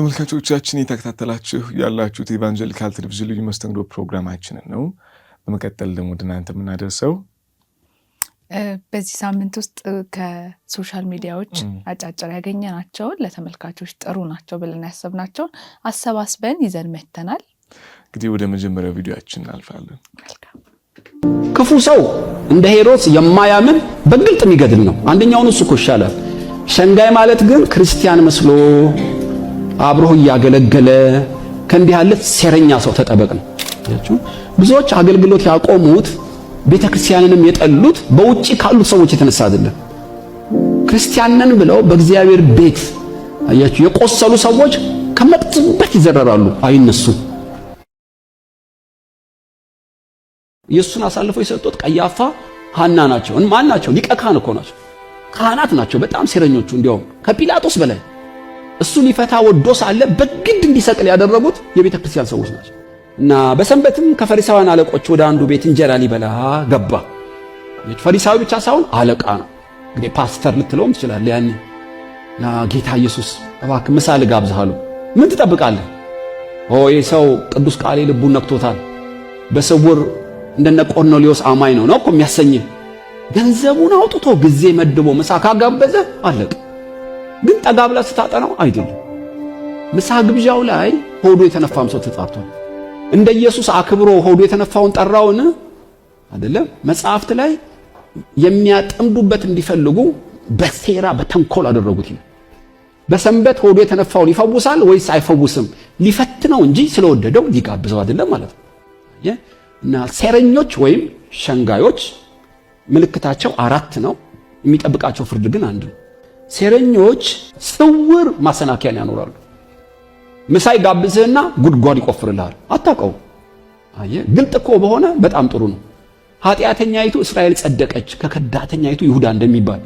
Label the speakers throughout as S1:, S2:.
S1: ተመልካቾቻችን የተከታተላችሁ ያላችሁት ኢቫንጀሊካል ቴሌቪዥን ልዩ መስተንግዶ ፕሮግራማችንን ነው። በመቀጠል ደግሞ ወደ እናንተ የምናደርሰው
S2: በዚህ ሳምንት ውስጥ ከሶሻል ሚዲያዎች አጫጭር ያገኘናቸውን ለተመልካቾች ጥሩ ናቸው ብለን ያሰብናቸውን አሰባስበን ይዘን መተናል።
S1: እንግዲህ ወደ መጀመሪያው ቪዲዮችን እናልፋለን።
S3: ክፉ ሰው እንደ ሄሮድስ የማያምን በግልጥ የሚገድል ነው። አንደኛውን እሱ እኮ ይሻላል። ሸንጋይ ማለት ግን ክርስቲያን መስሎ አብሮህ እያገለገለ ከእንዲህ ያለ ሴረኛ ሰው ተጠበቅ ነው። ብዙዎች አገልግሎት ያቆሙት ቤተ ክርስቲያንንም የጠሉት በውጪ ካሉት ሰዎች የተነሳ አይደለም። ክርስቲያንን ብለው በእግዚአብሔር ቤት አያችሁ የቆሰሉ ሰዎች ከመቅጽበት ይዘረራሉ፣ አይነሱም። ኢየሱስን አሳልፈው የሰጡት ቀያፋ ሐና ናቸው። ማን ናቸው? ሊቀ ካህን እኮ ናቸው፣ ካህናት ናቸው። በጣም ሴረኞቹ እንዲያውም ከጲላጦስ በላይ እሱ ሊፈታ ወዶ ሳለ በግድ እንዲሰቅል ያደረጉት የቤተ ክርስቲያን ሰዎች ናቸው። እና በሰንበትም ከፈሪሳውያን አለቆች ወደ አንዱ ቤት እንጀራ ሊበላ ገባ። ፈሪሳዊ ብቻ ሳይሆን አለቃ ነው። እንግዲህ ፓስተር ልትለውም ትችላለህ። ያኔ ጌታ ኢየሱስ እባክህ ምሳ ልጋብዝሃለሁ። ምን ትጠብቃለህ? ኦ ይህ ሰው ቅዱስ ቃሌ ልቡን ነክቶታል፣ በስውር እንደነ ቆርኔሌዎስ አማኝ ነው ነው እኮ የሚያሰኝህ። ገንዘቡን አውጥቶ ጊዜ መድቦ ምሳ ካጋበዘ አለቅ ግን ጠጋ ብላ ስታጠናው አይደለም። ምሳ ግብዣው ላይ ሆዱ የተነፋም ሰው ተጣርቷል። እንደ ኢየሱስ አክብሮ ሆዱ የተነፋውን ጠራውን አይደለም። መጽሐፍት ላይ የሚያጠምዱበት እንዲፈልጉ በሴራ በተንኮል አደረጉት። በሰንበት ሆዱ የተነፋውን ይፈውሳል ወይስ አይፈውስም? ሊፈትነው እንጂ ስለወደደው ሊጋብዘው አይደለም ማለት ነው። እና ሴረኞች ወይም ሸንጋዮች ምልክታቸው አራት ነው። የሚጠብቃቸው ፍርድ ግን አንድ ነው። ሴረኞች ስውር ማሰናከያን ያኖራሉ። ምሳይ ጋብዝህና ጉድጓድ ይቆፍርልሃል፣ አታውቀው። አየህ፣ ግልጥ እኮ በሆነ በጣም ጥሩ ነው። ኃጢአተኛይቱ እስራኤል ጸደቀች ከከዳተኛይቱ ይሁዳ እንደሚባል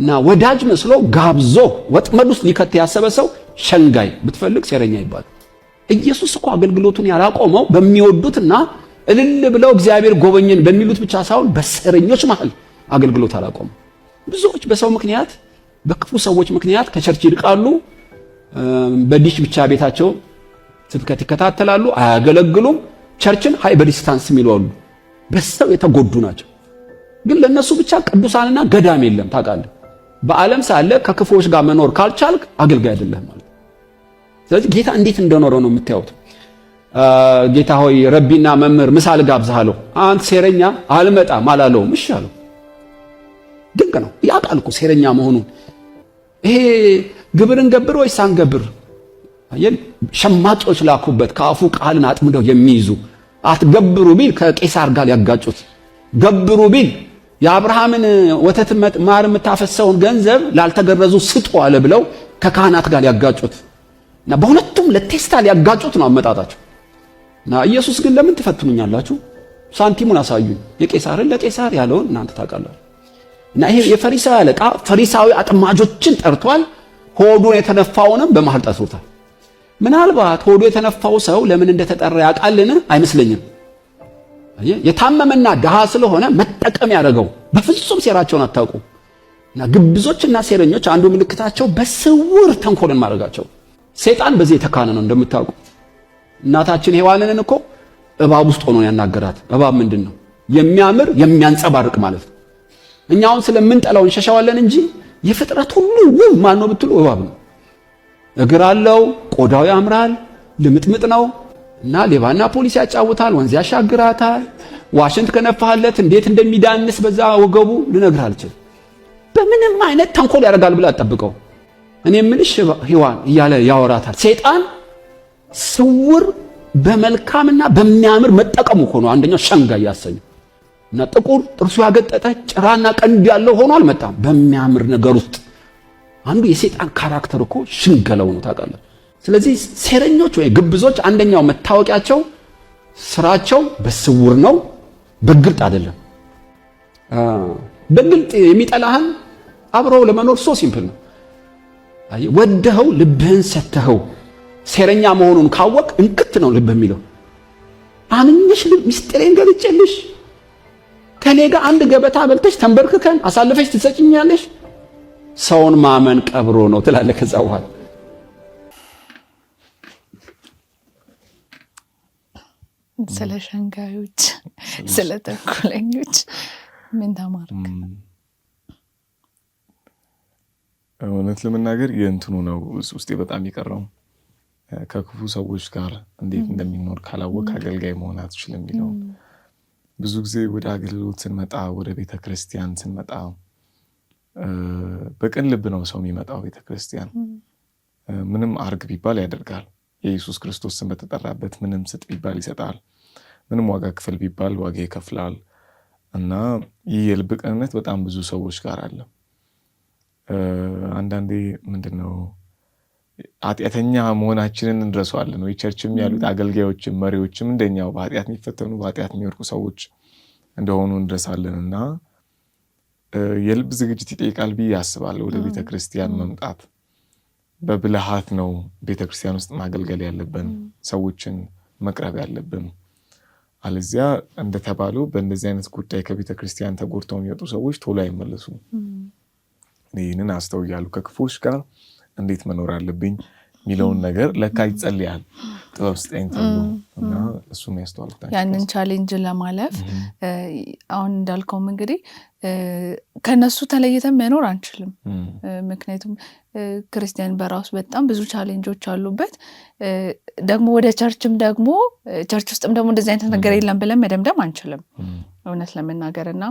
S3: እና ወዳጅ መስሎ ጋብዞ ወጥመድ ውስጥ ሊከት ያሰበ ሰው ሸንጋይ ብትፈልግ ሴረኛ ይባል። ኢየሱስ እኮ አገልግሎቱን ያላቆመው በሚወዱትና እልል ብለው እግዚአብሔር ጎበኘን በሚሉት ብቻ ሳይሆን በሴረኞች መሃል አገልግሎት አላቆመው። ብዙዎች በሰው ምክንያት በክፉ ሰዎች ምክንያት ከቸርች ይርቃሉ። በዲሽ ብቻ ቤታቸው ስብከት ይከታተላሉ፣ አያገለግሉም። ቸርችን ሀይ በዲስታንስ የሚሉ በሰው የተጎዱ ናቸው። ግን ለእነሱ ብቻ ቅዱሳንና ገዳም የለም። ታውቃለህ፣ በዓለም ሳለ ከክፉዎች ጋር መኖር ካልቻልክ አገልጋይ አይደለም ማለት። ስለዚህ ጌታ እንዴት እንደኖረ ነው የምታዩት። ጌታ ሆይ ረቢና መምህር ምሳ ልጋብዝሃለሁ፣ አንተ ሴረኛ አልመጣም አላለውም። እሺ አለው። ድንቅ ነው። ያውቃል እኮ ሴረኛ መሆኑን ይሄ ግብርን ገብር ወይስ አንገብር? ሸማጮች ላኩበት። ከአፉ ቃልን አጥምደው የሚይዙ አትገብሩ ቢል ከቄሳር ጋር ያጋጩት፣ ገብሩ ቢል የአብርሃምን ወተት ማር የምታፈሰውን ገንዘብ ላልተገረዙ ስጡ አለ ብለው ከካህናት ጋር ያጋጩት እና በሁለቱም ለቴስታ ሊያጋጩት ነው አመጣጣቸው። እና ኢየሱስ ግን ለምን ትፈትኑኛላችሁ? ሳንቲሙን አሳዩኝ፣ የቄሳርን ለቄሳር ያለውን እናንተ ታውቃላችሁ። እና ይሄ የፈሪሳዊ አለቃ ፈሪሳዊ አጥማጆችን ጠርቷል። ሆዱን የተነፋውንም በመሃል ጠርቶታል። ምናልባት ሆዱ የተነፋው ሰው ለምን እንደተጠራ ያውቃልን? አይመስለኝም። የታመመና ድሃ ስለሆነ መጠቀም ያደረገው በፍጹም ሴራቸውን አታውቁ እና ግብዞችና ሴረኞች አንዱ ምልክታቸው በስውር ተንኮልን ማድረጋቸው። ሰይጣን በዚህ የተካነ ነው እንደምታውቁ። እናታችን ሔዋንንን እኮ እባብ ውስጥ ሆኖ ያናገራት። እባብ ምንድን ነው? የሚያምር የሚያንጸባርቅ ማለት ነው። እኛ አሁን ስለምንጠላው እንሸሻዋለን እንጂ የፍጥረት ሁሉ ውብ ማን ነው ብትሉ እባብ ነው። እግር አለው፣ ቆዳው ያምራል፣ ልምጥምጥ ነው እና ሌባና ፖሊስ ያጫውታል፣ ወንዝ ያሻግራታል። ዋሽንት ከነፋህለት እንዴት እንደሚዳንስ በዛ ወገቡ ልነግር አልችልም። በምንም አይነት ተንኮል ያደርጋል ብለህ አትጠብቀው። እኔ የምልሽ ሔዋን እያለ ያወራታል። ሰይጣን ስውር በመልካምና በሚያምር መጠቀሙ ሆኖ አንደኛው ሸንጋ እያሰኘው እና ጥቁር ጥርሱ ያገጠጠ ጭራና ቀንድ ያለው ሆኖ አልመጣም። በሚያምር ነገር ውስጥ አንዱ የሴጣን ካራክተር እኮ ሽንገለው ነው ታውቃለህ። ስለዚህ ሴረኞች ወይ ግብዞች አንደኛው መታወቂያቸው ስራቸው በስውር ነው፣ በግልጥ አይደለም። በግልጥ የሚጠላህን አብረው ለመኖር ሶ ሲምፕል ነው። ወደኸው ልብህን ሰተኸው ሴረኛ መሆኑን ካወቅ እንክት ነው ልብ የሚለው አንንሽ ልብ ገልጬልሽ ከኔ ጋር አንድ ገበታ በልተሽ ተንበርክከን አሳልፈሽ ትሰጭኛለሽ? ሰውን ማመን ቀብሮ ነው ትላለህ። ከዛ በኋላ
S2: ስለ ሸንጋዮች፣ ስለ ተንኮለኞች ምን ተማርክ?
S1: እውነት ለመናገር የእንትኑ ነው ውስጤ በጣም የቀረው ከክፉ ሰዎች ጋር እንዴት እንደሚኖር ካላወቅ አገልጋይ መሆን አትችልም የሚለው ብዙ ጊዜ ወደ አገልግሎት ስንመጣ ወደ ቤተ ክርስቲያን ስንመጣ በቅን ልብ ነው ሰው የሚመጣው። ቤተ ክርስቲያን ምንም አርግ ቢባል ያደርጋል። የኢየሱስ ክርስቶስን በተጠራበት ምንም ስጥ ቢባል ይሰጣል። ምንም ዋጋ ክፍል ቢባል ዋጋ ይከፍላል። እና ይህ የልብ ቅንነት በጣም ብዙ ሰዎች ጋር አለ። አንዳንዴ ምንድን ነው ኃጢአተኛ መሆናችንን እንድረሰዋለን ወይ ቸርችም ያሉት አገልጋዮችም መሪዎችም እንደኛው በኃጢአት የሚፈተኑ በኃጢአት የሚወድቁ ሰዎች እንደሆኑ እንድረሳለን እና የልብ ዝግጅት ይጠይቃል ብዬ አስባለሁ። ወደ ቤተ ክርስቲያን መምጣት በብልሃት ነው ቤተ ክርስቲያን ውስጥ ማገልገል ያለብን ሰዎችን መቅረብ ያለብን። አለዚያ እንደተባለው በእንደዚህ አይነት ጉዳይ ከቤተ ክርስቲያን ተጎድተው የሚወጡ ሰዎች ቶሎ አይመለሱም። ይህንን አስተውያሉ ከክፎች ጋር እንዴት መኖር አለብኝ የሚለውን ነገር ለካ ይጸልያል ጥበብ ስጠኝ ተብሎ እሱም
S2: ያንን ቻሌንጅ ለማለፍ አሁን እንዳልከውም እንግዲህ ከነሱ ተለይተን መኖር አንችልም። ምክንያቱም ክርስቲያን በራሱ በጣም ብዙ ቻሌንጆች አሉበት። ደግሞ ወደ ቸርችም ደግሞ ቸርች ውስጥም ደግሞ እንደዚህ አይነት ነገር የለም ብለን መደምደም አንችልም እውነት ለመናገር እና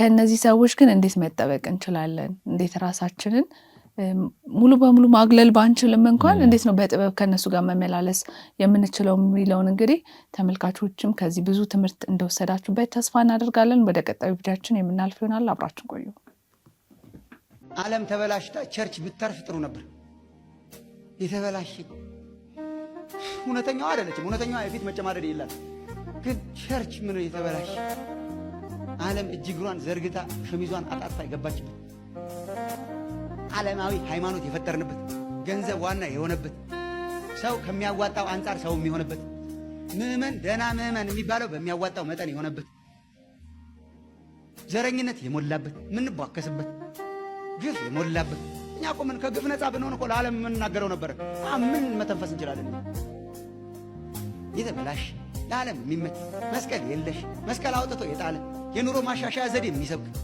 S2: ከነዚህ ሰዎች ግን እንዴት መጠበቅ እንችላለን? እንዴት ራሳችንን ሙሉ በሙሉ ማግለል ባንችልም እንኳን እንዴት ነው በጥበብ ከነሱ ጋር መመላለስ የምንችለው የሚለውን እንግዲህ ተመልካቾችም ከዚህ ብዙ ትምህርት እንደወሰዳችሁበት ተስፋ እናደርጋለን። ወደ ቀጣዩ ቪዲያችን የምናልፍ ይሆናል። አብራችን ቆዩ።
S3: ዓለም ተበላሽታ ቸርች ብታርፍ ጥሩ ነበር። የተበላሽ እውነተኛዋ አይደለችም። እውነተኛዋ የፊት መጨማደድ የላት ግን ቸርች ምን የተበላሽ ዓለም እጅግሯን ዘርግታ ሸሚዟን አጣጥፋ የገባችበት ዓለማዊ ሃይማኖት የፈጠርንበት ገንዘብ ዋና የሆነበት ሰው ከሚያዋጣው አንጻር ሰው የሚሆንበት ምዕመን ደህና ምዕመን የሚባለው በሚያዋጣው መጠን የሆነበት ዘረኝነት የሞላበት የምንቧከስበት ግፍ የሞላበት እኛ እኮ ምን ከግፍ ነፃ ብንሆን እኮ ለዓለም የምንናገረው ነበረ። ምን መተንፈስ እንችላለን? የተበላሽ ለዓለም የሚመት መስቀል የለሽ መስቀል አውጥቶ የጣለ የኑሮ ማሻሻያ ዘዴ የሚሰብክ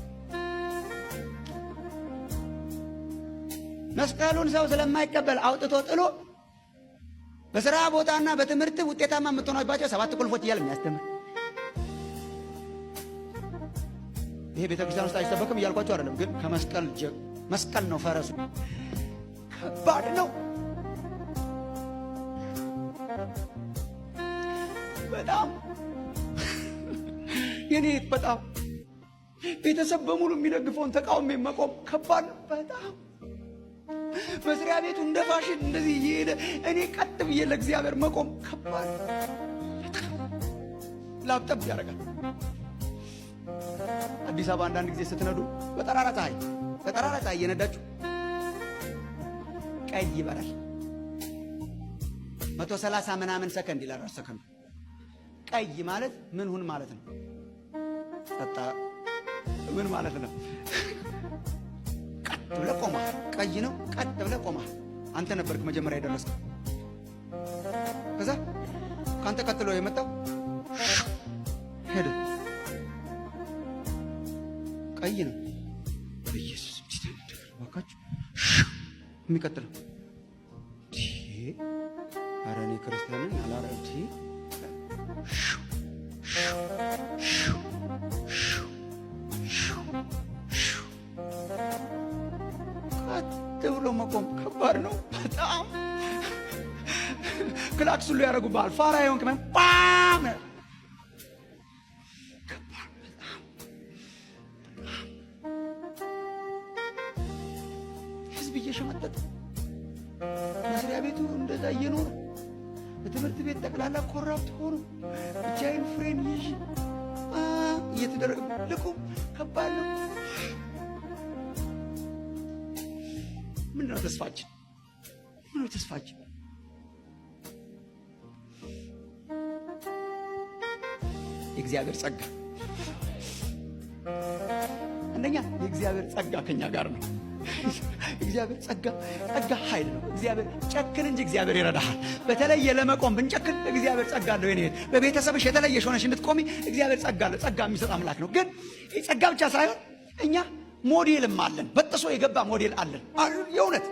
S3: መስቀሉን ሰው ስለማይቀበል አውጥቶ ጥሎ በስራ ቦታና በትምህርት ውጤታማ የምትሆናባቸው ሰባት ቁልፎች እያለ የሚያስተምር ይሄ ቤተ ክርስቲያን ውስጥ አይሰበክም እያልኳቸው አይደለም። ግን ከመስቀል መስቀል ነው ፈረሱ። ከባድ ነው። በጣም የኔት በጣም ቤተሰብ በሙሉ የሚደግፈውን ተቃውሞ መቆም ከባድ ነው በጣም መስሪያ ቤቱ እንደ ፋሽን እንደዚህ እየሄደ እኔ ቀጥ ብዬ ለእግዚአብሔር መቆም ከባድ ላብጠብ ያደርጋል። አዲስ አበባ አንዳንድ ጊዜ ስትነዱ በጠራራ ፀሐይ በጠራራ ፀሐይ እየነዳችሁ ቀይ ይበራል። መቶ ሰላሳ ምናምን ሰከንድ ይላል ሰከንዱ። ቀይ ማለት ምን ሁን ማለት ነው? ጠጣ ምን ማለት ነው? ቀጥ ብለህ ቆማ ቀይ ነው ቀጥ ብለህ ቆማ አንተ ነበርክ መጀመሪያ የደረስከው። ከዛ ከአንተ ቀጥሎ የመጣው ሄደ። ቀይ ነው ኢየሱስ ባካችሁ የሚቀጥለው አረ እኔ ክርስቲያንን አላረ ብሎ መቆም ከባድ ነው በጣም ክላክስ ሁሉ ያደረጉብሃል። ፋራ የሆንክ ተስፋችን? ሁሉ ተስፋችን? የእግዚአብሔር ጸጋ አንደኛ የእግዚአብሔር ጸጋ ከኛ ጋር ነው። እግዚአብሔር ጸጋ ጸጋ ኃይል ነው። እግዚአብሔር ጨክን እንጂ እግዚአብሔር ይረዳሃል። በተለየ ለመቆም ብንጨክን እግዚአብሔር ጸጋ አለው። ይሄ በቤተሰብሽ የተለየ ሆነሽ እንድትቆሚ እግዚአብሔር ጸጋ አለው። ጸጋ የሚሰጥ አምላክ ነው። ግን ይህ ጸጋ ብቻ ሳይሆን እኛ ሞዴልም አለን። በጥሶ የገባ ሞዴል አለን የእውነት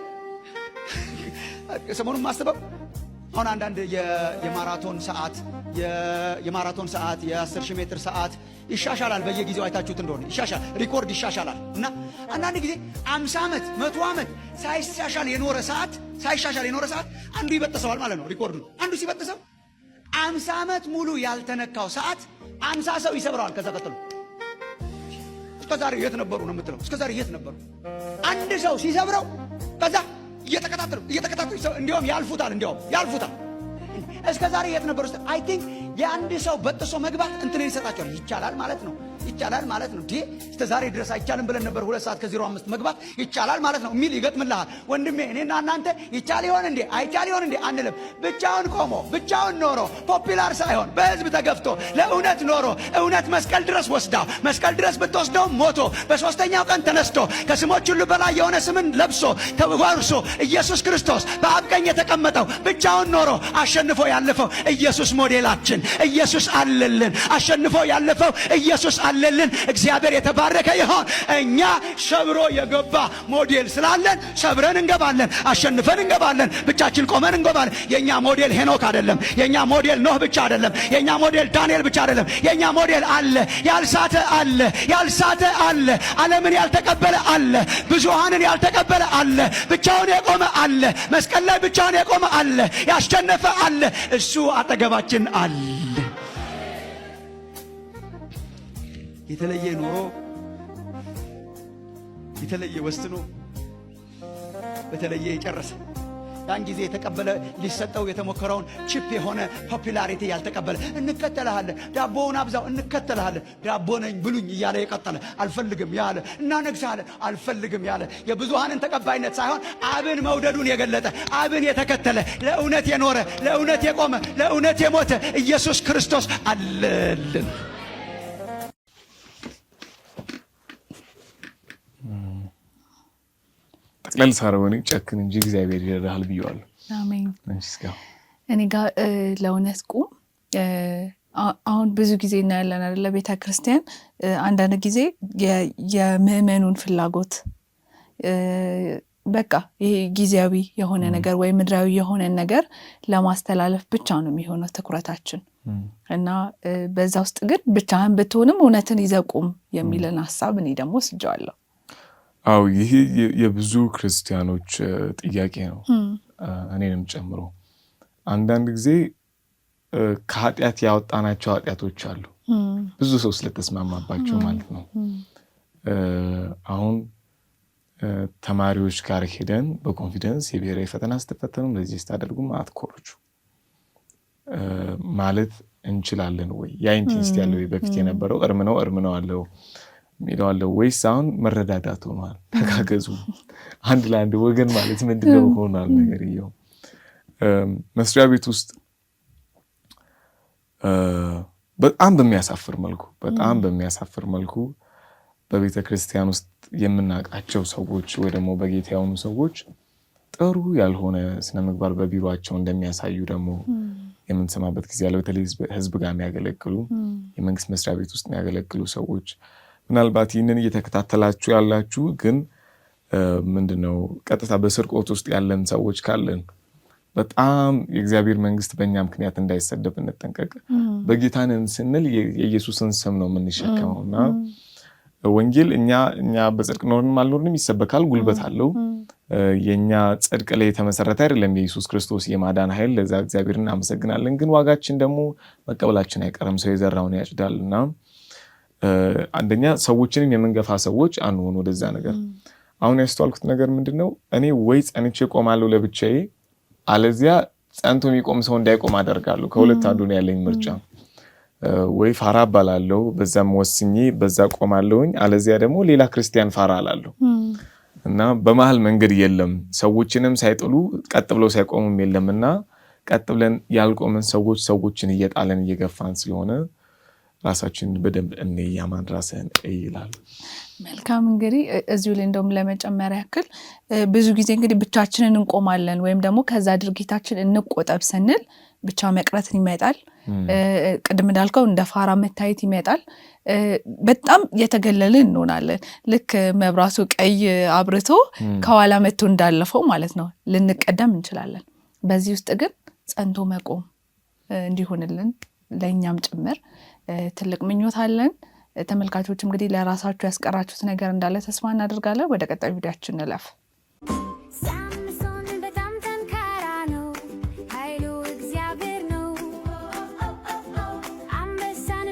S3: ሰሞኑን ማስበው አሁን አንዳንድ የማራቶን ሰዓት የማራቶን ሰዓት የ10 ሺህ ሜትር ሰዓት ይሻሻላል። በየጊዜው አይታችሁት እንደሆነ ይሻሻል፣ ሪኮርድ ይሻሻላል። እና አንዳንድ ጊዜ 50 ዓመት፣ 100 ዓመት ሳይሻሻል የኖረ ሰዓት ሳይሻሻል የኖረ ሰዓት አንዱ ይበጥሰዋል ማለት ነው። ሪኮርዱ አንዱ ሲበጥሰው 50 ዓመት ሙሉ ያልተነካው ሰዓት 50 ሰው ይሰብረዋል። ከዛ ቀጥሎ እስከዛሬ የት ነበሩ ነው የምትለው። እስከዛሬ የት ነበሩ አንድ ሰው ሲሰብረው ከዛ እየተከታተሉ እየተከታተሉ ሰው እንዲያውም ያልፉታል፣ እንዲያውም ያልፉታል። እስከ ዛሬ የት ነበር ውስጥ አይ ቲንክ የአንድ ሰው በጥሶ መግባት እንትን ይሰጣቸዋል። ይቻላል ማለት ነው። ይቻላል ማለት ነው። እስከ ዛሬ ድረስ አይቻልም ብለን ነበር። ሁለት ሰዓት ከዜሮ አምስት መግባት ይቻላል ማለት ነው የሚል ይገጥምልሃል። ወንድሜ እኔና እናንተ ይቻል ይሆን እንዴ አይቻል ይሆን እንዴ አንልም። ብቻውን ቆሞ ብቻውን ኖሮ ፖፒላር ሳይሆን በህዝብ ተገፍቶ ለእውነት ኖሮ እውነት መስቀል ድረስ ወስዳው መስቀል ድረስ ብትወስደው ሞቶ በሶስተኛው ቀን ተነስቶ ከስሞች ሁሉ በላይ የሆነ ስምን ለብሶ ተዋርሶ ኢየሱስ ክርስቶስ በአብ ቀኝ የተቀመጠው ብቻውን ኖሮ አሸንፎ ያለፈው ኢየሱስ ሞዴላችን ኢየሱስ አለልን። አሸንፎ ያለፈው ኢየሱስ ስላለልን እግዚአብሔር የተባረከ ይሆን። እኛ ሰብሮ የገባ ሞዴል ስላለን ሰብረን እንገባለን፣ አሸንፈን እንገባለን፣ ብቻችን ቆመን እንገባለን። የእኛ ሞዴል ሄኖክ አይደለም። የእኛ ሞዴል ኖህ ብቻ አይደለም። የእኛ ሞዴል ዳንኤል ብቻ አይደለም። የእኛ ሞዴል አለ፣ ያልሳተ አለ፣ ያልሳተ አለ፣ ዓለምን ያልተቀበለ አለ፣ ብዙሃንን ያልተቀበለ አለ፣ ብቻውን የቆመ አለ፣ መስቀል ላይ ብቻውን የቆመ አለ፣ ያሸነፈ አለ። እሱ አጠገባችን አለ። የተለየ ኑሮ፣ የተለየ ወስኖ በተለየ የጨረሰ ያን ጊዜ የተቀበለ ሊሰጠው የተሞከረውን ቺፕ የሆነ ፖፒላሪቲ ያልተቀበለ እንከተልሃለን፣ ዳቦውን አብዛው፣ እንከተልሃለን፣ ዳቦ ነኝ ብሉኝ እያለ የቀጠለ አልፈልግም ያለ እናነግስሃለን፣ አልፈልግም ያለ የብዙሃንን ተቀባይነት ሳይሆን አብን መውደዱን የገለጠ አብን የተከተለ ለእውነት የኖረ ለእውነት የቆመ ለእውነት የሞተ ኢየሱስ ክርስቶስ አለልን።
S1: ቀን ሳረሆነ ጨክን እንጂ እግዚአብሔር ይረዳሃል ብየዋለሁ።
S2: አሜን። እኔ ጋር ለእውነት ቁም። አሁን ብዙ ጊዜ እናያለን አይደለ? ቤተ ክርስቲያን አንዳንድ ጊዜ የምዕመኑን ፍላጎት በቃ ይሄ ጊዜያዊ የሆነ ነገር ወይም ምድራዊ የሆነን ነገር ለማስተላለፍ ብቻ ነው የሚሆነው ትኩረታችን እና በዛ ውስጥ ግን ብቻህን ብትሆንም እውነትን ይዘቁም የሚልን ሀሳብ እኔ ደግሞ ስጀዋለሁ።
S1: አው ይህ የብዙ ክርስቲያኖች ጥያቄ ነው፣ እኔንም ጨምሮ። አንዳንድ ጊዜ ከኃጢአት ያወጣናቸው ኃጢአቶች አሉ፣ ብዙ ሰው ስለተስማማባቸው ማለት ነው። አሁን ተማሪዎች ጋር ሄደን በኮንፊደንስ የብሔራዊ ፈተና ስትፈተኑም እንደዚህ ስታደርጉ አትኮሮች ማለት እንችላለን ወይ? ያ ኢንቴንሲቲ ያለው በፊት የነበረው እርም ነው እርም ነው አለው ሚለዋለው ወይስ አሁን መረዳዳት ሆኗል። ተጋገዙ አንድ ለአንድ ወገን ማለት ምንድነው ሆኗል እየው መስሪያ ቤት ውስጥ በጣም በሚያሳፍር መልኩ በጣም በሚያሳፍር መልኩ በቤተ ክርስቲያን ውስጥ የምናውቃቸው ሰዎች ወይ ደግሞ በጌታ የሆኑ ሰዎች ጥሩ ያልሆነ ስነምግባር በቢሮቸው እንደሚያሳዩ ደግሞ የምንሰማበት ጊዜ አለ። በተለይ ህዝብ ጋር የሚያገለግሉ የመንግስት መስሪያ ቤት ውስጥ የሚያገለግሉ ሰዎች ምናልባት ይህንን እየተከታተላችሁ ያላችሁ ግን ምንድነው ቀጥታ በስርቆት ውስጥ ያለን ሰዎች ካለን በጣም የእግዚአብሔር መንግስት በእኛ ምክንያት እንዳይሰደብ እንጠንቀቅ። በጌታንን ስንል የኢየሱስን ስም ነው የምንሸከመው እና ወንጌል እኛ እኛ በጽድቅ ኖርንም አልኖርንም ይሰበካል፣ ጉልበት አለው። የእኛ ጽድቅ ላይ የተመሰረተ አይደለም። የኢየሱስ ክርስቶስ የማዳን ኃይል ለዛ እግዚአብሔር እናመሰግናለን። ግን ዋጋችን ደግሞ መቀበላችን አይቀርም። ሰው የዘራውን ያጭዳል እና አንደኛ ሰዎችንም የምንገፋ ሰዎች አንሆን። ወደዛ ነገር አሁን ያስተዋልኩት ነገር ምንድን ነው? እኔ ወይ ጸንቼ ቆማለሁ ለብቻዬ፣ አለዚያ ጸንቶ የሚቆም ሰው እንዳይቆም አደርጋለሁ። ከሁለት አንዱ ነው ያለኝ ምርጫ። ወይ ፋራ እባላለሁ፣ በዛም ወስኜ በዛ ቆማለሁኝ፣ አለዚያ ደግሞ ሌላ ክርስቲያን ፋራ እላለሁ። እና በመሀል መንገድ የለም። ሰዎችንም ሳይጥሉ ቀጥ ብለው ሳይቆሙም የለም እና ቀጥ ብለን ያልቆምን ሰዎች ሰዎችን እየጣለን እየገፋን ስለሆነ ራሳችንን በደንብ እንያማን ራስህን
S2: መልካም እንግዲህ እዚሁ ላይ እንደውም ለመጨመር ያክል ብዙ ጊዜ እንግዲህ ብቻችንን እንቆማለን ወይም ደግሞ ከዛ ድርጊታችን እንቆጠብ ስንል ብቻ መቅረትን ይመጣል። ቅድም እንዳልከው እንደ ፋራ መታየት ይመጣል። በጣም የተገለልን እንሆናለን። ልክ መብራቱ ቀይ አብርቶ ከኋላ መጥቶ እንዳለፈው ማለት ነው ልንቀደም እንችላለን። በዚህ ውስጥ ግን ጸንቶ መቆም እንዲሆንልን ለእኛም ጭምር ትልቅ ምኞት አለን። ተመልካቾች እንግዲህ ለራሳችሁ ያስቀራችሁት ነገር እንዳለ ተስፋ እናደርጋለን። ወደ ቀጣዩ ቪዲያችን እንለፍ። ሳምሶን እኔ መንደር ነው፣ ኃይሉ እግዚአብሔር ነው። አንበሳን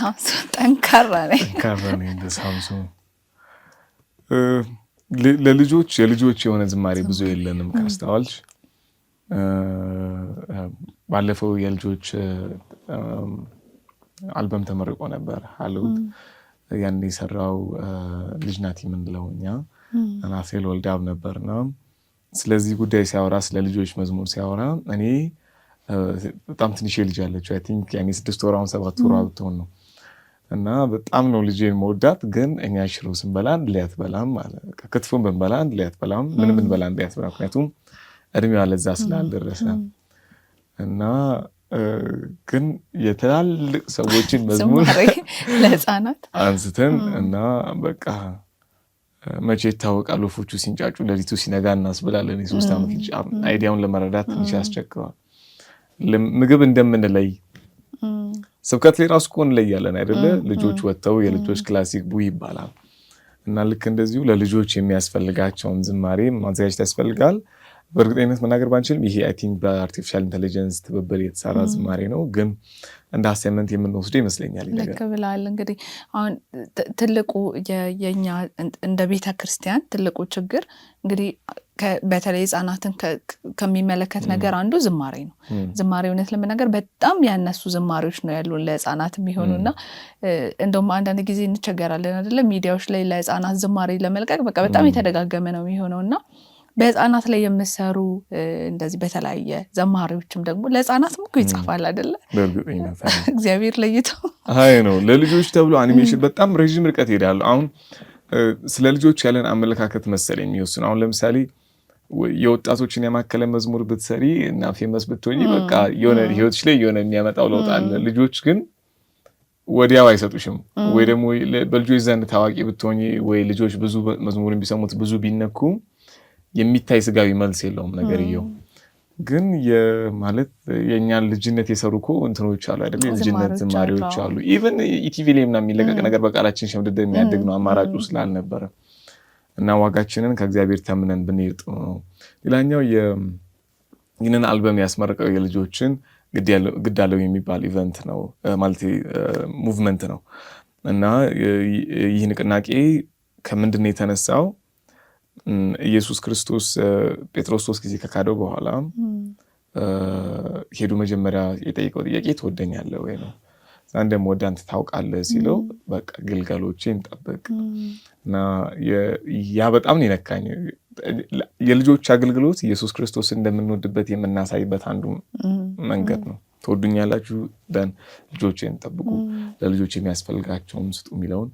S2: ሳምሶን ጠንካራ ነኝ
S1: ጠንካራ ነኝ እንደ ሳምሶን። ለልጆች የልጆች የሆነ ዝማሬ ብዙ የለንም ካስተዋልሽ ባለፈው የልጆች አልበም ተመርቆ ነበር አሉት። ያን የሰራው ልጅ ናት የምንለው እኛ ናሴል ወልዳብ ነበር ና ስለዚህ ጉዳይ ሲያወራ ስለ ልጆች መዝሙር ሲያወራ እኔ በጣም ትንሽ ልጅ አለችው። ቲንክ ያኔ ስድስት ወር ሰባት ወራ ብትሆን ነው እና በጣም ነው ልጄን መወዳት። ግን እኛ ሽሮ ስንበላን ሊያትበላም ክትፎን ብንበላን ሊያትበላም ምን ብንበላን ሊያትበላ ምክንያቱም እድሜዋ ለዛ ስላልደረሰ እና ግን የትላልቅ ሰዎችን መዝሙር ለህፃናት አንስተን እና በቃ መቼ ይታወቃል ወፎቹ ሲንጫጩ ለሊቱ ሲነጋ እናስብላለን። የሶስት ዓመት ልጅ አይዲያውን ለመረዳት ትንሽ ያስቸግረዋል። ምግብ እንደምንለይ ስብከት ላይ ራሱ እኮ እንለያለን አይደለ? ልጆች ወጥተው የልጆች ክላሲክ ቡ ይባላል እና ልክ እንደዚሁ ለልጆች የሚያስፈልጋቸውን ዝማሬ ማዘጋጀት ያስፈልጋል። በእርግጠኝነት መናገር ባንችልም ይሄ አይ ቲንክ በአርቲፊሻል ኢንቴሊጀንስ ትብብር የተሰራ ዝማሬ ነው፣ ግን እንደ አሳይመንት የምንወስዱ ይመስለኛል። ልክ
S2: ብላል። እንግዲህ አሁን ትልቁ የኛ እንደ ቤተ ክርስቲያን ትልቁ ችግር እንግዲህ በተለይ ህጻናትን ከሚመለከት ነገር አንዱ ዝማሬ ነው። ዝማሬ እውነት ለመናገር በጣም ያነሱ ዝማሬዎች ነው ያሉን ለህጻናት የሚሆኑ እና እንደውም አንዳንድ ጊዜ እንቸገራለን አይደለም፣ ሚዲያዎች ላይ ለህጻናት ዝማሬ ለመልቀቅ በቃ በጣም የተደጋገመ ነው የሚሆነው እና በህፃናት ላይ የምሰሩ እንደዚህ በተለያየ ዘማሪዎችም ደግሞ ለህፃናት ምኩ ይጻፋል አይደለ? እግዚአብሔር ለይተው
S1: አይ ነው ለልጆች ተብሎ አኒሜሽን በጣም ረዥም ርቀት ይሄዳሉ። አሁን ስለ ልጆች ያለን አመለካከት መሰለኝ የሚወስኑ አሁን ለምሳሌ የወጣቶችን ያማከለ መዝሙር ብትሰሪ እና ፌመስ ብትሆኝ በቃ የሆነ ህይወትሽ ላይ የሆነ የሚያመጣው ለውጥ አለ። ልጆች ግን ወዲያው አይሰጡሽም። ወይ ደግሞ በልጆች ዘንድ ታዋቂ ብትሆኝ ወይ ልጆች ብዙ መዝሙር ቢሰሙት ብዙ ቢነኩ የሚታይ ስጋዊ መልስ የለውም እየው ግን ማለት የእኛን ልጅነት የሰሩ እኮ እንትኖች አሉ አይደለ? የልጅነት ዝማሪዎች አሉ። ኢቨን ኢቲቪ ላይ ምናምን የሚለቀቅ ነገር በቃላችን ሸምድደ የሚያደግ ነው አማራጩ ስላልነበረ እና ዋጋችንን ከእግዚአብሔር ተምነን ብንሄድ ጥሩ ነው። ሌላኛው ይህንን አልበም ያስመረቀው የልጆችን ግዳለው የሚባል ኢቨንት ነው ማለት ሙቭመንት ነው እና ይህ ንቅናቄ ከምንድን ነው የተነሳው? ኢየሱስ ክርስቶስ ጴጥሮስ ሶስት ጊዜ ከካደው በኋላ ሄዱ መጀመሪያ የጠየቀው ጥያቄ ትወደኛለህ ወይ ነው። አንድ ደግሞ ወደ አንተ ታውቃለህ ሲለው በቃ ግልገሎቼን ጠብቅ እና ያ በጣም ይነካኝ። የልጆች አገልግሎት ኢየሱስ ክርስቶስ እንደምንወድበት የምናሳይበት አንዱ መንገድ ነው። ትወዱኛላችሁ ደን ልጆቼን ጠብቁ፣ ለልጆች የሚያስፈልጋቸውን ስጡ የሚለውን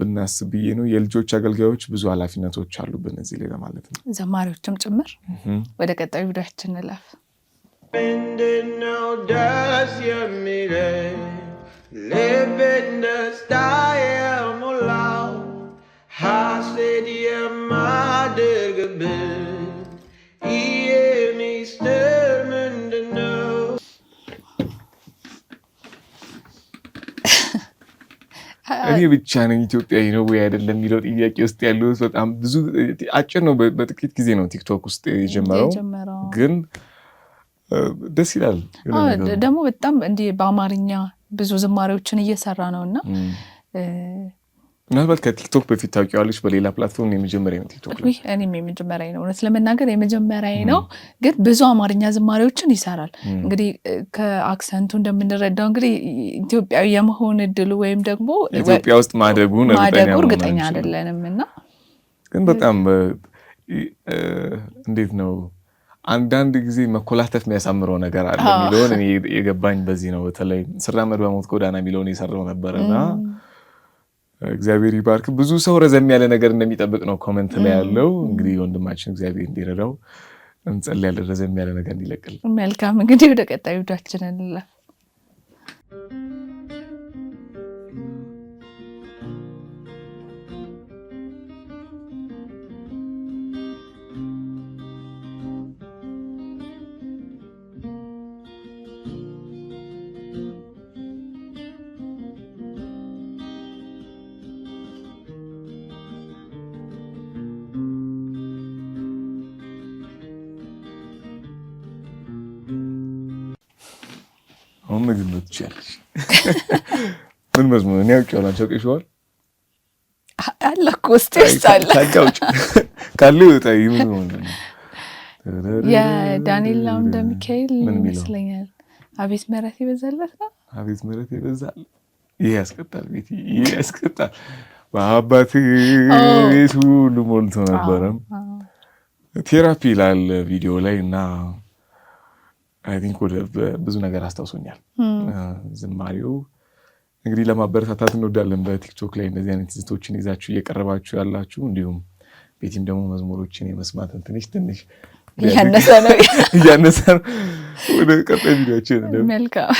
S1: ብናስብ ብዬ ነው። የልጆች አገልጋዮች ብዙ ኃላፊነቶች አሉብን እዚህ ላይ ለማለት ነው፣
S2: ዘማሪዎችም ጭምር። ወደ ቀጣዩ ዳችን እንለፍ። ምንድን ነው ደስ የሚለኝ ልቤ ደስታ የሞላው ሐሴት
S1: እኔ ብቻ ነኝ ኢትዮጵያዊ ነው ወይ አይደለም የሚለው ጥያቄ ውስጥ ያሉት በጣም ብዙ አጭር ነው። በጥቂት ጊዜ ነው ቲክቶክ ውስጥ የጀመረው ግን ደስ ይላል።
S2: ደግሞ በጣም እንዲህ በአማርኛ ብዙ ዝማሬዎችን እየሰራ ነው እና
S1: ምናልባት ከቲክቶክ በፊት ታውቂዋለች። በሌላ ፕላትፎርም የመጀመሪያ ነው ቲክቶክ
S2: እኔም የመጀመሪያ ነው፣ እውነት ለመናገር የመጀመሪያ ነው። ግን ብዙ አማርኛ ዝማሬዎችን ይሰራል። እንግዲህ ከአክሰንቱ እንደምንረዳው እንግዲህ ኢትዮጵያዊ የመሆን እድሉ ወይም ደግሞ
S1: ኢትዮጵያ ውስጥ ማደጉ
S2: ማደጉ እርግጠኛ አይደለንም እና
S1: ግን በጣም እንዴት ነው አንዳንድ ጊዜ መኮላተፍ የሚያሳምረው ነገር አለ የሚለውን እኔ የገባኝ በዚህ ነው። በተለይ ስራመድ በሞት ጎዳና የሚለውን የሰራው ነበር እና እግዚአብሔር ይባርክ። ብዙ ሰው ረዘም ያለ ነገር እንደሚጠብቅ ነው ኮመንት ላይ ያለው። እንግዲህ ወንድማችን እግዚአብሔር እንዲረዳው እንጸልያለን፣ ረዘም ያለ ነገር እንዲለቅል።
S2: መልካም እንግዲህ ወደ ቀጣዩ ዳችንን
S1: ምግብ ነው ትችያለሽ። ምን መዝሙር እኔ አውቄዋለሁ። አንቺ አውቄሽዋል?
S2: አለ እኮ ውስጥ ውስጥ አለ። ታውቂያለሽ
S1: ካለ ይወጣ ይምን ነው
S2: የዳንኤል አምደ ሚካኤል ይመስለኛል። አቤት ምሕረት ይበዛለት ነው።
S1: አቤት ምሕረት ይበዛል። ይሄ ያስቀጣል፣ ቤት ይሄ ያስቀጣል። በአባት ቤት ሁሉ ሞልቶ ነበረም ቴራፒ ይላል ቪዲዮ ላይ እና አይ ቲንክ ወደ ብዙ ነገር አስታውሶኛል። hmm. ዝማሬው እንግዲህ ለማበረታታት እንወዳለን። በቲክቶክ ላይ እንደዚህ አይነት ዝቶችን ይዛችሁ እየቀረባችሁ ያላችሁ እንዲሁም ቤቲም ደግሞ መዝሙሮችን የመስማትን ትንሽ ትንሽ
S2: እያነሰ ነው
S1: እያነሰ ነው። ወደ ቀጣይ ቪዲዮችን መልካም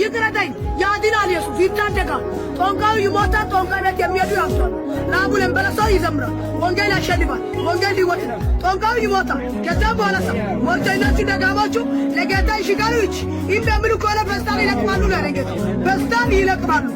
S3: ይቅረተኝ ያድናል። ኢየሱስ ይታደጋል። ጦንቃዩ ይሞታል። ጦንቃይ የሚሄዱ ያብሷል። ላቡ ለንበለሰው ይዘምራል። ወንጌል ያሸንፋል። ወንጌል ሕይወት ነው። ጦንቃዩ ይሞታል። ከዚያም በኋላ ሰ ሞተኞቹ ደጋሞቹ ለጌታ ይሽጋዮች ይህ በሚሉ ከሆነ በስታን ይለቅማሉ። ለጌታ በስታን ይለቅማሉ።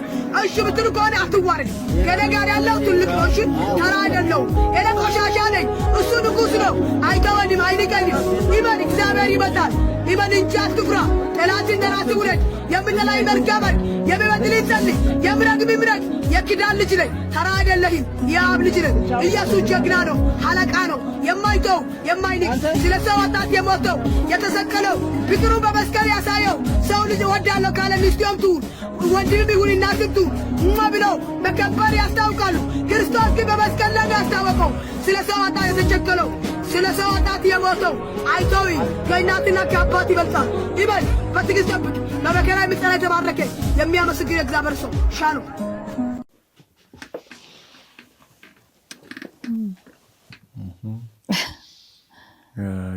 S3: እሺ ብትሉ ከሆነ አትዋረድ። ከእኔ ጋር ያለው ትልቅ ነው። እሺ ተራ አይደለሁም። እኔ ቆሻሻ ነኝ። እሱ ንጉሥ ነው። አይተወንም፣ አይንቀኝም። ይመን እግዚአብሔር ይመጣል። ይመን እንጂ አትኩራ። ጠላትን ተራስ ውረድ የምለላይ መልካም ነህ። የሚበድልህን ጸልይ። የምረግ ምረግ። የኪዳን ልጅ ነኝ። ተራ አይደለህም። የአብ ልጅ ነህ። ኢየሱስ ጀግና ነው፣ አለቃ ነው። የማይተው የማይንቅ፣ ስለ ሰው ኃጢአት የሞተው የተሰቀለው፣ ፍቅሩን በመስቀል ያሳየው ሰው ልጅ እወዳለሁ ካለ ሚስቱም ትሁን ወንድም ይሁን እናትቱ ትሁን እማ ብለው በከንፈር ያስታውቃሉ። ክርስቶስ ግን በመስቀል ላይ ያስታወቀው ስለ ሰው ኃጢአት የተቸገለው ስለ ሰው ኃጢአት የሞተው አይተው ከእናትና ከአባት ይበልጣል። ይበል በትግስት ጠብቅ። በመከራ የምጠራ የተባረከ የሚያመሰግን የእግዚአብሔር ሰው ሻሉ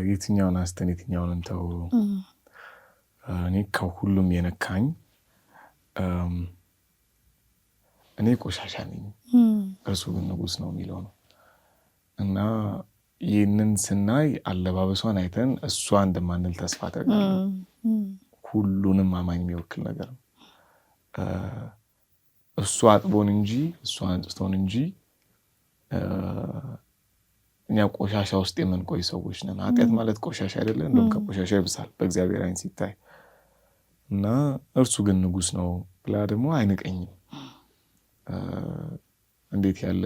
S1: የትኛውን አስተን የትኛውንም ተው። እኔ ከሁሉም የነካኝ እኔ ቆሻሻ ነኝ፣ እርሱ ግን ንጉሥ ነው የሚለው ነው እና ይህንን ስናይ አለባበሷን አይተን እሷ እንደማንል ተስፋ አደርጋለሁ። ሁሉንም አማኝ የሚወክል ነገር ነው። እሱ አጥቦን እንጂ እሱ አንጽቶን እንጂ እኛ ቆሻሻ ውስጥ የምንቆይ ሰዎች ነን። ኃጢአት ማለት ቆሻሻ አይደለ? እንደውም ከቆሻሻ ይብሳል በእግዚአብሔር አይን ሲታይ እና እርሱ ግን ንጉሥ ነው ብላ ደግሞ አይንቀኝም። እንዴት ያለ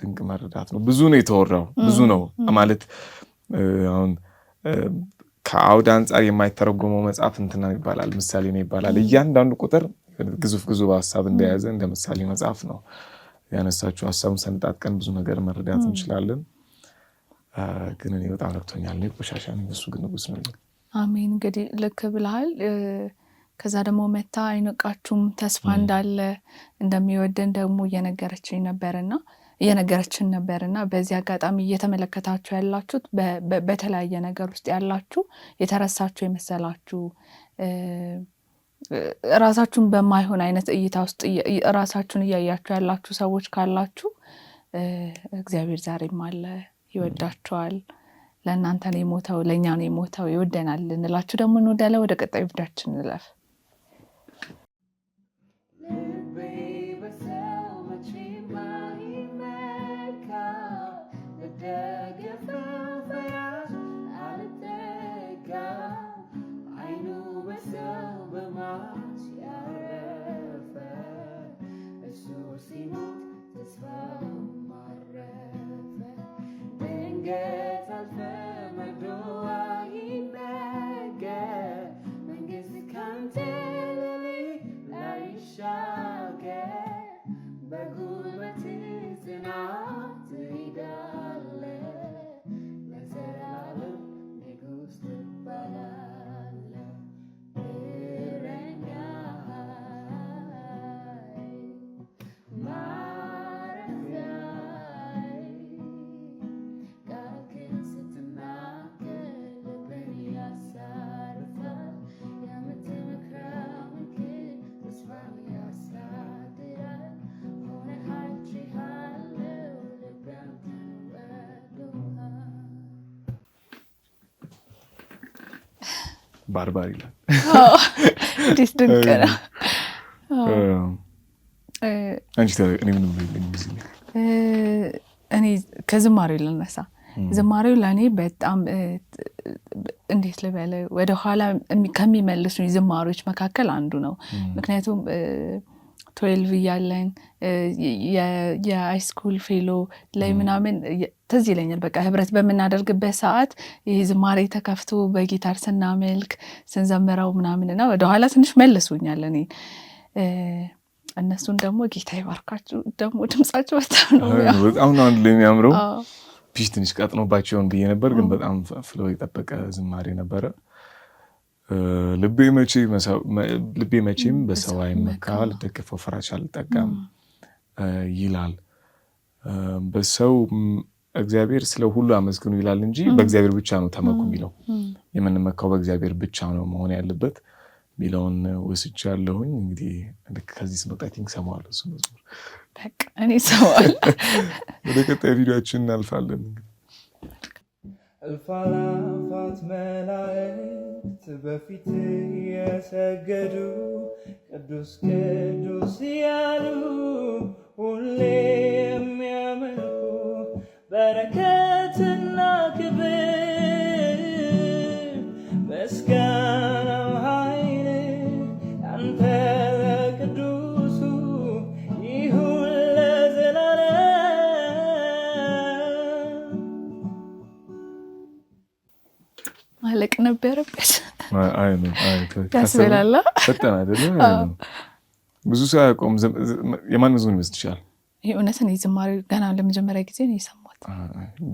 S1: ድንቅ መረዳት ነው! ብዙ ነው የተወራው፣ ብዙ ነው ማለት አሁን ከአውድ አንጻር የማይተረጎመው መጽሐፍ እንትና ይባላል፣ ምሳሌ ነው ይባላል። እያንዳንዱ ቁጥር ግዙፍ ግዙፍ ሀሳብ እንደያዘ እንደ ምሳሌ መጽሐፍ ነው ያነሳችው። ሀሳቡን ሰንጣጥቀን ብዙ ነገር መረዳት እንችላለን። ግን እኔ በጣም ረክቶኛል። ቆሻሻ ነኝ፣ እሱ ግን ንጉስ ነው።
S2: አሜን። እንግዲህ ልክ ብልሃል። ከዛ ደግሞ መታ አይነቃችሁም ተስፋ እንዳለ እንደሚወደን ደግሞ እየነገረችኝ ነበርና እየነገረችን ነበር እና በዚህ አጋጣሚ እየተመለከታችሁ ያላችሁት በተለያየ ነገር ውስጥ ያላችሁ የተረሳችሁ የመሰላችሁ ራሳችሁን በማይሆን አይነት እይታ ውስጥ ራሳችሁን እያያችሁ ያላችሁ ሰዎች ካላችሁ እግዚአብሔር ዛሬም አለ፣ ይወዳችኋል። ለእናንተ ነው የሞተው፣ ለእኛ ነው የሞተው፣ ይወደናል ልንላችሁ ደግሞ እንወዳለን። ወደ ቀጣይ ብዳችን እንለፍ።
S1: ባርባር ይላል።
S2: እንዴት ድንቅ ነው! እኔ ከዝማሬው ልነሳ። ዝማሬው ለእኔ በጣም እንዴት ልበለ ወደኋላ ከሚመልሱኝ ዝማሬዎች መካከል አንዱ ነው። ምክንያቱም ትዌልቭ እያለን የሃይስኩል ፌሎ ላይ ምናምን ትዝ ይለኛል በቃ ህብረት በምናደርግበት ሰዓት ይህ ዝማሬ ተከፍቶ በጊታር ስናመልክ ስንዘምረው ምናምን ምናምንና ወደኋላ ትንሽ መለሱኛል እኔ እነሱን ደግሞ ጌታ ይባርካችሁ። ደግሞ ድምጻቸው በጣም ነው
S1: በጣም ነው አንድ የሚያምረው። ፊሽ ትንሽ ቀጥኖባቸውን ብዬ ነበር፣ ግን በጣም ፍለው የጠበቀ ዝማሬ ነበረ። ልቤ መቼም በሰው አይመካ፣ ልደገፈው ፍራቻ አልጠጋም ይላል በሰው እግዚአብሔር ስለ ሁሉ አመስግኑ ይላል እንጂ በእግዚአብሔር ብቻ ነው ተመኩ የሚለው። የምንመካው በእግዚአብሔር ብቻ ነው መሆን ያለበት የሚለውን ወስጅ ያለሁኝ እንግዲህ ከዚህ ስመጣ ቲንክ ሰማዋለሁ እሱ መዝሙር
S2: እኔ ሰማዋለሁ። ወደ ቀጣይ ቪዲዮችን እናልፋለን። እልፍ አእላፋት መላእክት በፊት የሰገዱ ቅዱስ ቅዱስ ያሉ ሁሌ ያስበላላ
S1: ፈጠን አይደለም። ብዙ ሰው ያቆም የማን መዝሙር ይችላል።
S2: እውነት እኔ ዝማሬ ገና ለመጀመሪያ ጊዜ ነው የሰማሁት።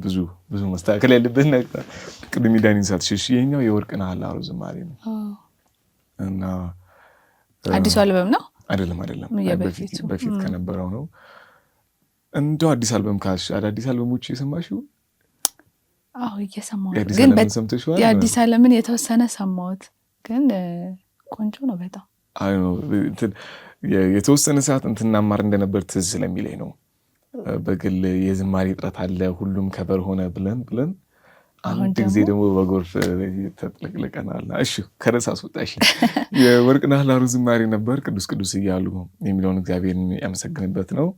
S1: ብዙ ብዙ መስተካከል ያለበት ዳኒ የወርቅ ናህል ዝማሬ ነው
S2: እና አዲሱ አልበም ነው
S1: አይደለም አይደለም፣ በፊት ከነበረው ነው። እንደው አዲስ አልበም ካልሽ አዳዲስ አልበሞች
S2: አዎ እየሰማሁ ግን የአዲስ አለምን የተወሰነ ሰማሁት። ግን ቆንጆ ነው በጣም
S1: የተወሰነ ሰዓት እንትና ማር እንደነበር ትዝ ስለሚለኝ ነው። በግል የዝማሬ እጥረት አለ ሁሉም ከበር ሆነ ብለን ብለን አንድ ጊዜ ደግሞ በጎርፍ ተጥለቅልቀናል። እሺ ከደስ አስወጣሽ የወርቅና ላሩ ዝማሬ ነበር ቅዱስ ቅዱስ እያሉ የሚለውን እግዚአብሔር ያመሰግንበት ነው።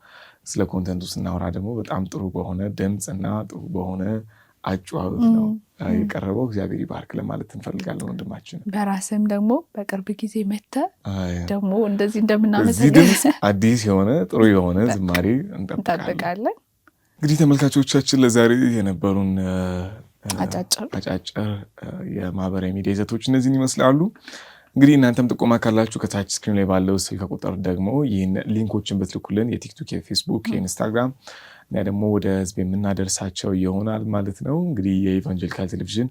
S1: ስለ ኮንተንቱ ስናወራ ደግሞ በጣም ጥሩ በሆነ ድምፅ እና ጥሩ በሆነ አጨዋወት ነው የቀረበው። እግዚአብሔር ይባርክ ለማለት እንፈልጋለን ወንድማችን።
S2: በራስም ደግሞ በቅርብ ጊዜ መተ ደግሞ እንደዚህ እንደምናመሰግን
S1: አዲስ የሆነ ጥሩ የሆነ ዝማሬ
S2: እንጠብቃለን።
S1: እንግዲህ ተመልካቾቻችን ለዛሬ የነበሩን
S2: አጫጭር
S1: የማህበራዊ ሚዲያ ይዘቶች እነዚህን ይመስላሉ። እንግዲህ እናንተም ጥቆማ ካላችሁ ከታች ስክሪን ላይ ባለው ስልክ ቁጥር ደግሞ ይህን ሊንኮችን ብትልኩልን የቲክቶክ፣ የፌስቡክ፣ የኢንስታግራም እና ደግሞ ወደ ህዝብ የምናደርሳቸው ይሆናል ማለት ነው። እንግዲህ የኢቫንጀሊካል ቴሌቪዥን